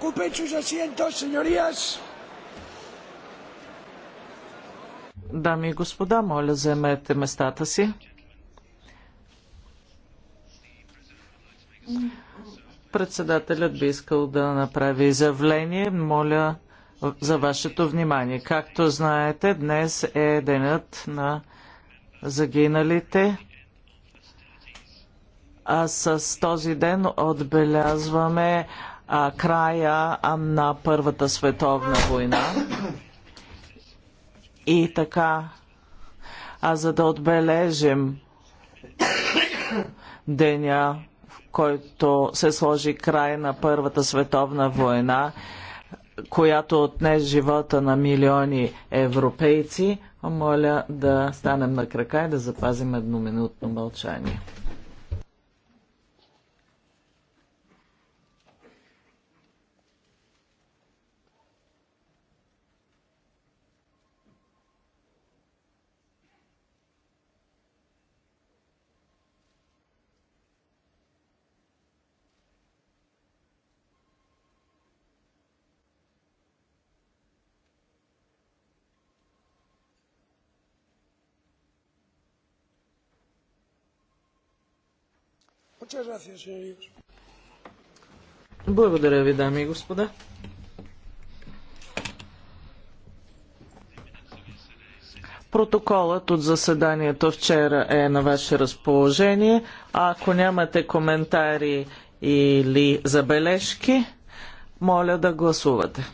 Ocupen sus asientos, señorías. Дами и господа, моля, заемете местата си. Председателят би искал да направи изявление. Моля за вашето внимание. Както знаете, днес е денът на загиналите а с този ден отбелязваме а, края на Първата световна война. И така, а за да отбележим деня, в който се сложи край на Първата световна война, която отне живота на милиони европейци, моля да станем на крака и да запазим едноминутно мълчание. Благодаря ви, дами и господа. Протоколът от заседанието вчера е на ваше разположение. А ако нямате коментари или забележки, моля да гласувате.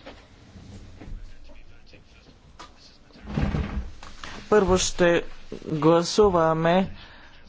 Първо ще гласуваме